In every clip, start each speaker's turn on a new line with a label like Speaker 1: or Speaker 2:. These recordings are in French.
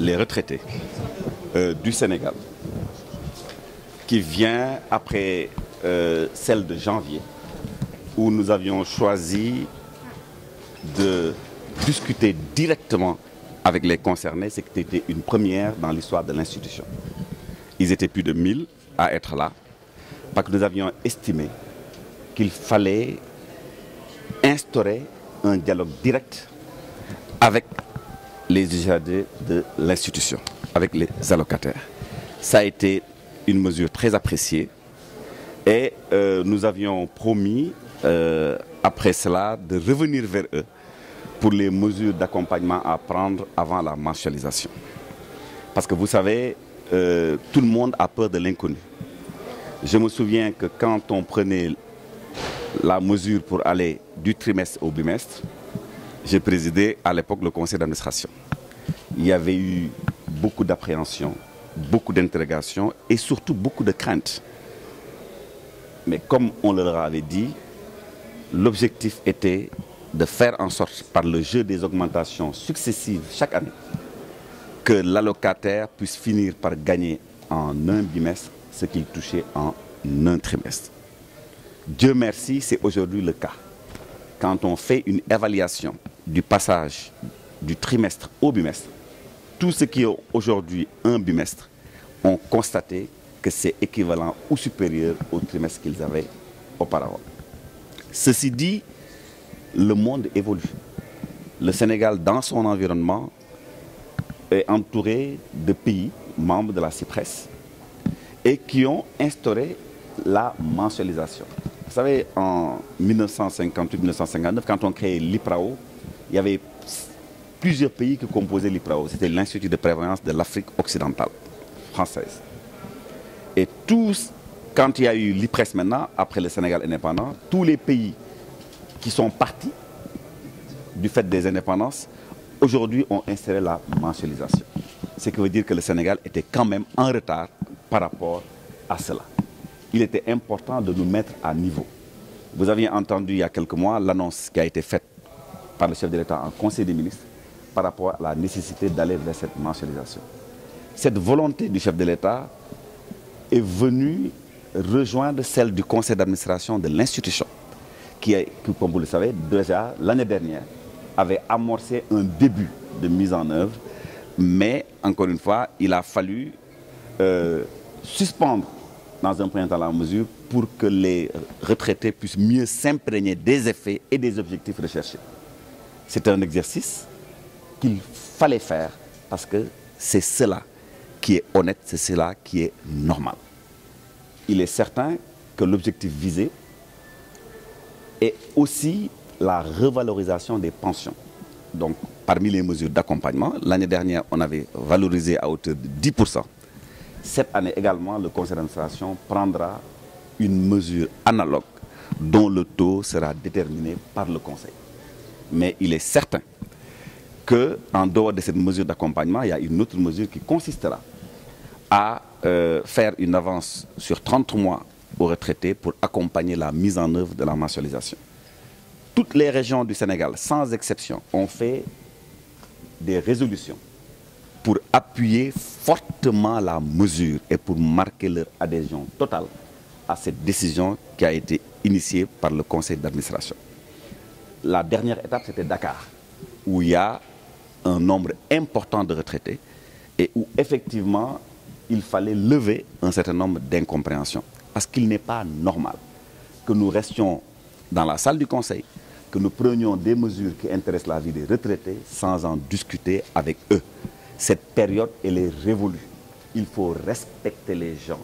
Speaker 1: les retraités euh, du Sénégal, qui vient après euh, celle de janvier, où nous avions choisi de discuter directement avec les concernés, c'était une première dans l'histoire de l'institution. Ils étaient plus de 1000 à être là, parce que nous avions estimé qu'il fallait instaurer un dialogue direct avec les de l'institution, avec les allocataires. Ça a été une mesure très appréciée et euh, nous avions promis, euh, après cela, de revenir vers eux pour les mesures d'accompagnement à prendre avant la martialisation. Parce que vous savez, euh, tout le monde a peur de l'inconnu. Je me souviens que quand on prenait la mesure pour aller du trimestre au bimestre, j'ai présidé à l'époque le conseil d'administration. Il y avait eu beaucoup d'appréhension, beaucoup d'interrogations et surtout beaucoup de craintes. Mais comme on leur avait dit, l'objectif était de faire en sorte, par le jeu des augmentations successives chaque année, que l'allocataire puisse finir par gagner en un bimestre ce qu'il touchait en un trimestre. Dieu merci, c'est aujourd'hui le cas quand on fait une évaluation du passage du trimestre au bimestre, tous ceux qui ont aujourd'hui un bimestre ont constaté que c'est équivalent ou supérieur au trimestre qu'ils avaient auparavant. Ceci dit, le monde évolue. Le Sénégal, dans son environnement, est entouré de pays membres de la Cypresse et qui ont instauré la mensualisation. Vous savez, en 1958-1959, quand on crée l'IPRAO, il y avait plusieurs pays qui composaient l'IPRAO. C'était l'Institut de prévoyance de l'Afrique occidentale française. Et tous, quand il y a eu l'IPRES maintenant, après le Sénégal indépendant, tous les pays qui sont partis du fait des indépendances, aujourd'hui ont inséré la mensualisation. Ce qui veut dire que le Sénégal était quand même en retard par rapport à cela il était important de nous mettre à niveau. Vous aviez entendu il y a quelques mois l'annonce qui a été faite par le chef de l'État en Conseil des ministres par rapport à la nécessité d'aller vers cette mensualisation. Cette volonté du chef de l'État est venue rejoindre celle du conseil d'administration de l'institution, qui, comme vous le savez, déjà l'année dernière, avait amorcé un début de mise en œuvre, mais encore une fois, il a fallu euh, suspendre dans un premier temps la mesure, pour que les retraités puissent mieux s'imprégner des effets et des objectifs recherchés. C'est un exercice qu'il fallait faire parce que c'est cela qui est honnête, c'est cela qui est normal. Il est certain que l'objectif visé est aussi la revalorisation des pensions. Donc, parmi les mesures d'accompagnement, l'année dernière, on avait valorisé à hauteur de 10 cette année également, le conseil d'administration prendra une mesure analogue dont le taux sera déterminé par le conseil. Mais il est certain qu'en dehors de cette mesure d'accompagnement, il y a une autre mesure qui consistera à euh, faire une avance sur 30 mois aux retraités pour accompagner la mise en œuvre de la mensualisation. Toutes les régions du Sénégal, sans exception, ont fait des résolutions pour appuyer fortement la mesure et pour marquer leur adhésion totale à cette décision qui a été initiée par le conseil d'administration. La dernière étape, c'était Dakar, où il y a un nombre important de retraités et où effectivement, il fallait lever un certain nombre d'incompréhensions. Parce qu'il n'est pas normal que nous restions dans la salle du conseil, que nous prenions des mesures qui intéressent la vie des retraités sans en discuter avec eux. Cette période, elle est révolue. Il faut respecter les gens.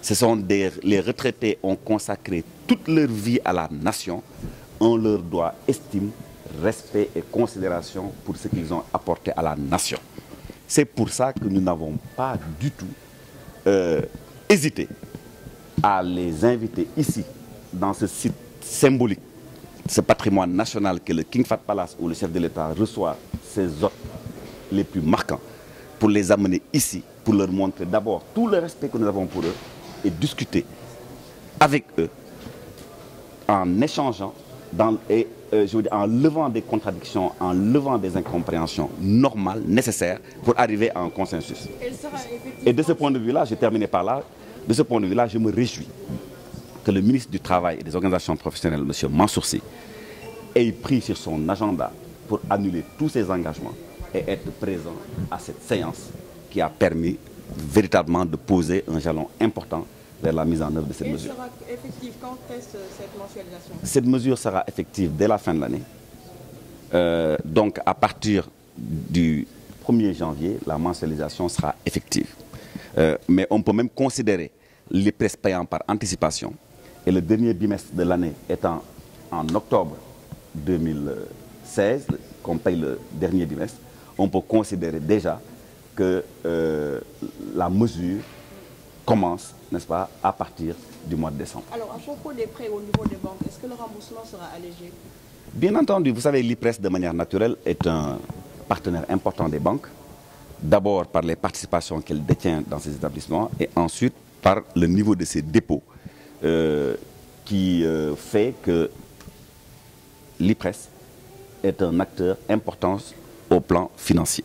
Speaker 1: Ce sont les retraités ont consacré toute leur vie à la nation. On leur doit estime, respect et considération pour ce qu'ils ont apporté à la nation. C'est pour ça que nous n'avons pas du tout euh, hésité à les inviter ici, dans ce site symbolique, ce patrimoine national que le King Fat Palace ou le chef de l'État reçoit ses hôtes les plus marquants pour les amener ici, pour leur montrer d'abord tout le respect que nous avons pour eux et discuter avec eux en échangeant et euh, en levant des contradictions, en levant des incompréhensions normales, nécessaires pour arriver à un consensus. Et de ce point de vue-là, je terminé par là, de ce point de vue-là, je me réjouis que le ministre du Travail et des organisations professionnelles, M. Mansourci, ait pris sur son agenda pour annuler tous ses engagements et être présent à cette séance qui a permis véritablement de poser un jalon important vers la mise en œuvre de cette mesure. quand euh, cette mensualisation Cette mesure sera effective dès la fin de l'année. Euh, donc à partir du 1er janvier, la mensualisation sera effective. Euh, mais on peut même considérer les prêts payants par anticipation et le dernier bimestre de l'année étant en octobre 2016, qu'on paye le dernier bimestre, on peut considérer déjà que euh, la mesure commence, n'est-ce pas, à partir du mois de décembre. Alors, à propos des prêts au niveau des banques, est-ce que le remboursement sera allégé Bien entendu, vous savez, l'IPRES, de manière naturelle, est un partenaire important des banques, d'abord par les participations qu'elle détient dans ces établissements, et ensuite par le niveau de ses dépôts, euh, qui euh, fait que l'IPRES est un acteur important plan financier.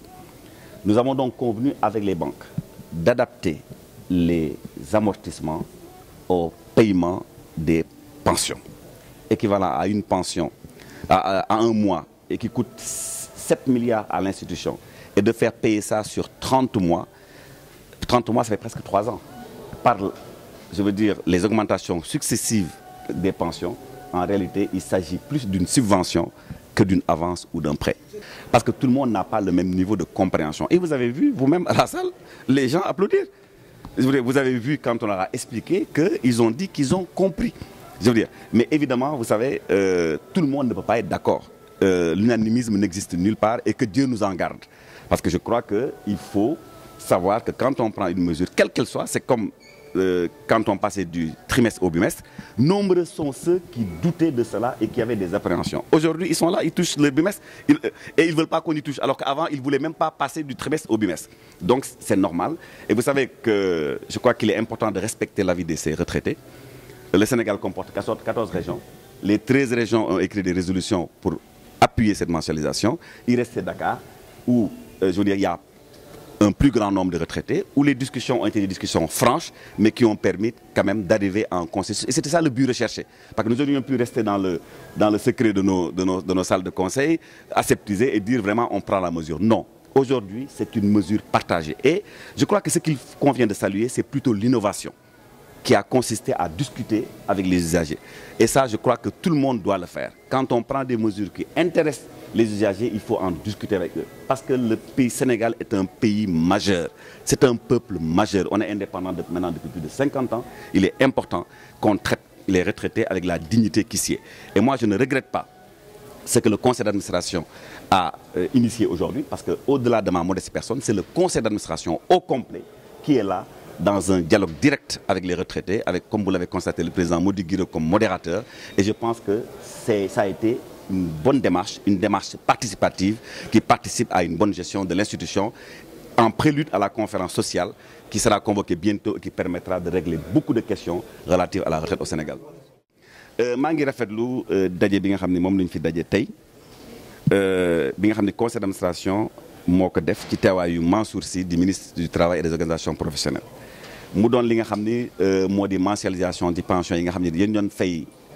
Speaker 1: Nous avons donc convenu avec les banques d'adapter les amortissements au paiement des pensions, équivalent à une pension à, un mois et qui coûte 7 milliards à l'institution, et de faire payer ça sur 30 mois, 30 mois ça fait presque 3 ans, par, je veux dire, les augmentations successives des pensions, en réalité il s'agit plus d'une subvention que d'une avance ou d'un prêt. Parce que tout le monde n'a pas le même niveau de compréhension. Et vous avez vu, vous-même à la salle, les gens applaudir. Vous avez vu quand on leur a expliqué qu'ils ont dit qu'ils ont compris. Je dire. Mais évidemment, vous savez, euh, tout le monde ne peut pas être d'accord. Euh, l'unanimisme n'existe nulle part et que Dieu nous en garde. Parce que je crois qu'il faut savoir que quand on prend une mesure, quelle qu'elle soit, c'est comme euh, quand on passait du trimestre au bimestre, nombreux sont ceux qui doutaient de cela et qui avaient des appréhensions. Aujourd'hui, ils sont là, ils touchent le bimestre euh, et ils ne veulent pas qu'on y touche, alors qu'avant, ils ne voulaient même pas passer du trimestre au bimestre. Donc, c'est normal. Et vous savez que je crois qu'il est important de respecter l'avis de ces retraités. Le Sénégal comporte 14 régions. Les 13 régions ont écrit des résolutions pour appuyer cette mensualisation. Il reste Dakar, où, euh, je veux il y a un plus grand nombre de retraités, où les discussions ont été des discussions franches, mais qui ont permis quand même d'arriver à un consensus. Et c'était ça le but recherché. Parce que nous aurions pu rester dans le, dans le secret de nos, de, nos, de nos salles de conseil, aseptiser et dire vraiment on prend la mesure. Non. Aujourd'hui, c'est une mesure partagée. Et je crois que ce qu'il convient de saluer, c'est plutôt l'innovation qui a consisté à discuter avec les usagers. Et ça, je crois que tout le monde doit le faire. Quand on prend des mesures qui intéressent les usagers, il faut en discuter avec eux. Parce que le pays Sénégal est un pays majeur. C'est un peuple majeur. On est indépendant maintenant depuis plus de 50 ans. Il est important qu'on traite les retraités avec la dignité qui s'y est. Et moi, je ne regrette pas ce que le conseil d'administration a euh, initié aujourd'hui, parce qu'au-delà de ma modeste personne, c'est le conseil d'administration au complet qui est là dans un dialogue direct avec les retraités, avec, comme vous l'avez constaté, le président Maudit comme modérateur. Et je pense que ça a été une bonne démarche, une démarche participative qui participe à une bonne gestion de l'institution en prélude à la conférence sociale qui sera convoquée bientôt et qui permettra de régler beaucoup de questions relatives à la retraite au Sénégal. Euh, Mangi ngi rafetlu à euh, bi nga euh, conseil d'administration qui a def ci teewaayu Mansour ministre du travail et des organisations professionnelles mu doon li nga xam ni moo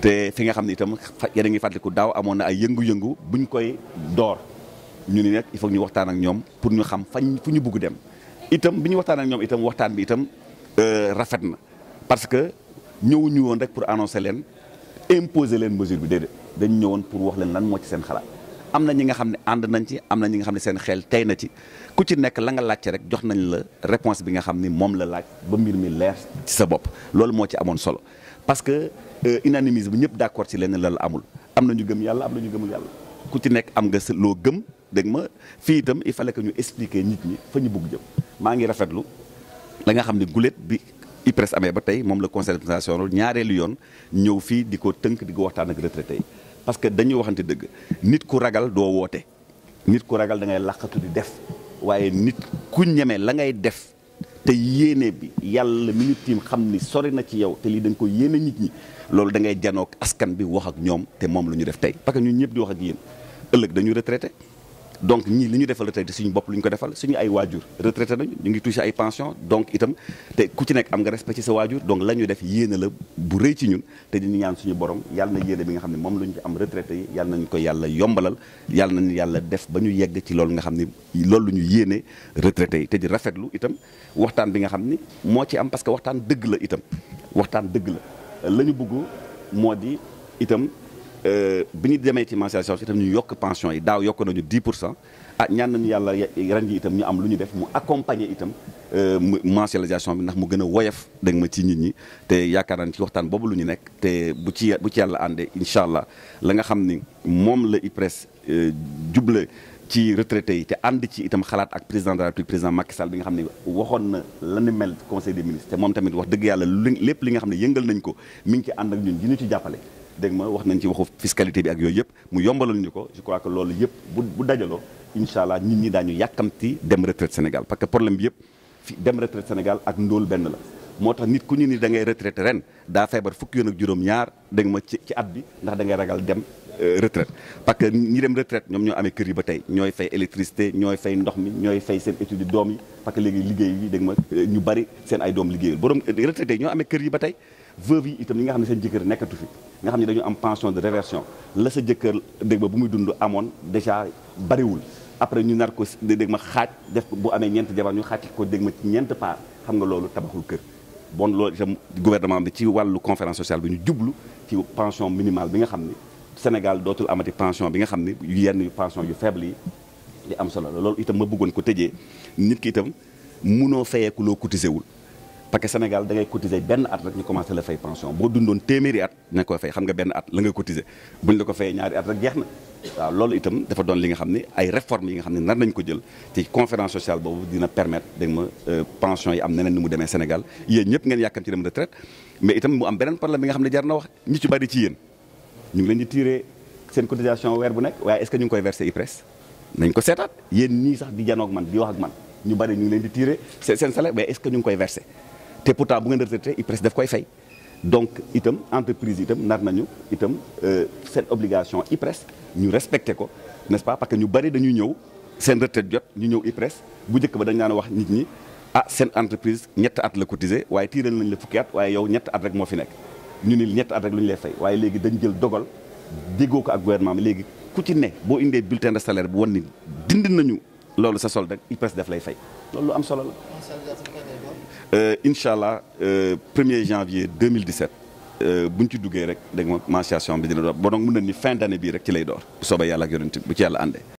Speaker 1: te fi nga xam ne itam yéen a ngi fàttaliku daaw amoon na ay yëngu-yëngu buñ koy door ñu ni nag il foog ñu waxtaan ak ñoom pour ñu xam fañ fu ñu bugg dem itam bu ñu waxtaan ñoom itam waxtaan bi itam euh, rafet na parce que ñëwuñu woon rek pour annoncer leen imposer leen mesure bi déedéet dañu ñëwoon pour wax leen lan moo ci seen xalaat. am na ñi nga xam ne ànd nañ ci am na ñi nga xam ne seen xeel tey na ci ku ci nekk la nga laajte rek jox nañ la réponse bi nga xam ni moom la laaj ba mbir mi leer ci sa bopp loolu moo ci amoon solo parce que euh, unanimisme ñëpp d'accord ci lenn la la amul am na ñu gëm yàlla am na ñu gëmul yàlla ku ci nekk am nga sa loo gëm dégg ma fii itam il fallait que ñu expliquer nit ñi fa ñu bugg jëm maa ngi rafetlu la nga xam ne gulet bi IPRES amee ba tey moom la conseil ñaareelu yoon ñëw fii di ko tënk di ko waxtaan ak retraité yi parce que dañuy waxante dëgg nit ku ragal doo woote nit ku ragal da ngay làqatu di def waaye nit ku ñeme la ngay def te yéene bi yàlla mi ñu tiim xam ni sori na ci yow te lii da nga ko yéene ñit ñi loolu da ngay janook askan bi wax ak ñoom te moom lu ñu def tey parce que ñun ñëpp di wax ak yéen ëllëg dañu retraité donc ñii li ñu defal retraité suñu bopp luñ ko defal suñu ay wajur retraité nañ ñu ngi touché ay pension donc itam té ku ci nek am nga respecté sa wajur donc lañu def yéene la bu rëy ci ñun té diñu ñaan suñu borom yalla na yéene bi nga xamni mom luñ ci am retraité yi yalla nañ ko yalla yombalal yalla nañ yalla def ba ñu yegg ci lool nga xamni lool luñu lu yéene retraité yi té di rafetlu itam waxtaan bi nga xamni mo ci am parce que waxtaan deug la itam waxtaan deug la lañu ñu modi itam euh, bi ñu demee ci mensualisation ci tam ñu yok pension yi daaw yok nañu 10 ak ah, ñaan nañu yalla randi itam ñu am luñu def mu accompagner itam euh mensualisation bi ndax mu gëna woyef woyof ma ci nit ñi té yaakaar nañ ci waxtaan bobu luñu nek té bu ci bu ci yalla andé inshallah la nga xam ni moom la IPRES euh, juble ci retraité yi té and ci itam xalaat ak président de la République président Macky Sall bi nga xamni waxon na la ni mel conseil des ministres té mom tamit wax dëgg yalla lepp li nga xamni yëngal nañ ko mi ngi ci ànd ak ñun di ñu ci jappalé dégg ma wax nañ ci waxu fiscalité bi ak yooyu yëpp mu yombalal ñu ko je crois que loolu yëpp bu bu dajaloo incha allah nit ñi ñu yàkkamti dem retraite Sénégal parce que problème bi yëpp fi dem retraite Sénégal ak ndóol benn la moo tax nit ku ñu ni da ngay retraite ren daa feebar fukki yoon ak juróom-ñaar dégg ma ci ci at bi ndax da ngay ragal dem euh, retraite parce que ñi dem retraite ñoom ñoo amee kër yi ba tey ñooy fay électricité ñooy fay ndox mi ñooy fay seen étude doom yi parce léegi liggéey yi dégg ma euh, ñu bari seen ay doom liggéeyul borom retraité yi ñoo amee kër yi ba tey veuve yi itam ñi nga xam ne seen jëkkër nekkatu fi nga xam ne dañu am pension de réversion la sa jëkkër dégg ma bu muy dund amoon déjà bariwul après ñu nar ko dégg ma xaaj def bu amee ñeent jabar ñu xaaj ko dégg ma ci ñeent part xam nga loolu tabaxul kër bon loolu itam gouvernement bi ci wàllu conférence sociale bi ñu jublu ci pension minimale bi nga xam ni Sénégal dootul amati pension bi nga xam ni yenn pension yu faible yi li am solo loolu itam ma bëggoon ko tëjee nit ki itam munoo fayeeku loo cotisé wul parce que Sénégal da ngay cotiser ben at rek ñu commencé la fay pension bo dundoon téeméeri at ne ko fay xam nga ben at la ngay cotiser buñ la ko fayee ñaari at rek jeex waaw loolu itam dafa doon li nga xam ne ay réformes yi nga xam ne nar nañ ko jël ci conférence sociale boobu dina permettre dégg ma euh, pension yi am neneen ni mu demee Sénégal yéen ñëpp ngeen yàkkam ci dem retraite mais itam mu am beneen problème bi nga xam ne jar na wax ñi ci bari ci yéen ñu ngi leen di tirer seen cotisation weer bu nekk waaye est-ce que ñu ngi koy verser IPRES nañ ko seetaat yéen ñii sax di janoog man di wax ak man ñu bari ñu ngi leen di tirer seen salaire mais est-ce que ñu ngi koy verser te pourtant bu ngeen retraité presse daf koy fay donc itam entreprise itam nar nañu itam euh cette obligation presse ñu respecté ko n'est-ce pas parce que ñu bari dañu ñëw seen retraite jot ñu ñëw presse bu njëkk ba dañ naan wax nit ñi ah seen entreprise ñett at la cotiser waye tiiral nañ la fukki at waaye yow ñett at rek mo fi nek ñu ni ñett at rek luñ lay fay waye légui dañ jël dogal déggoo ko ak gouvernement légui ku ci ne bo indé bulletin de salaire bu wan ni dindi nañu lolu sa solde rek IPRES daf lay fay loolu lu am solo la Euh, incha allah 1er euh, janvier 2017 bu ñu ci duggee rek dégg nga mensuration bi dina door ba donc mën na ni fin d'année bii rek ci lay door bu soobee yàlla ak yonent bu ci yàlla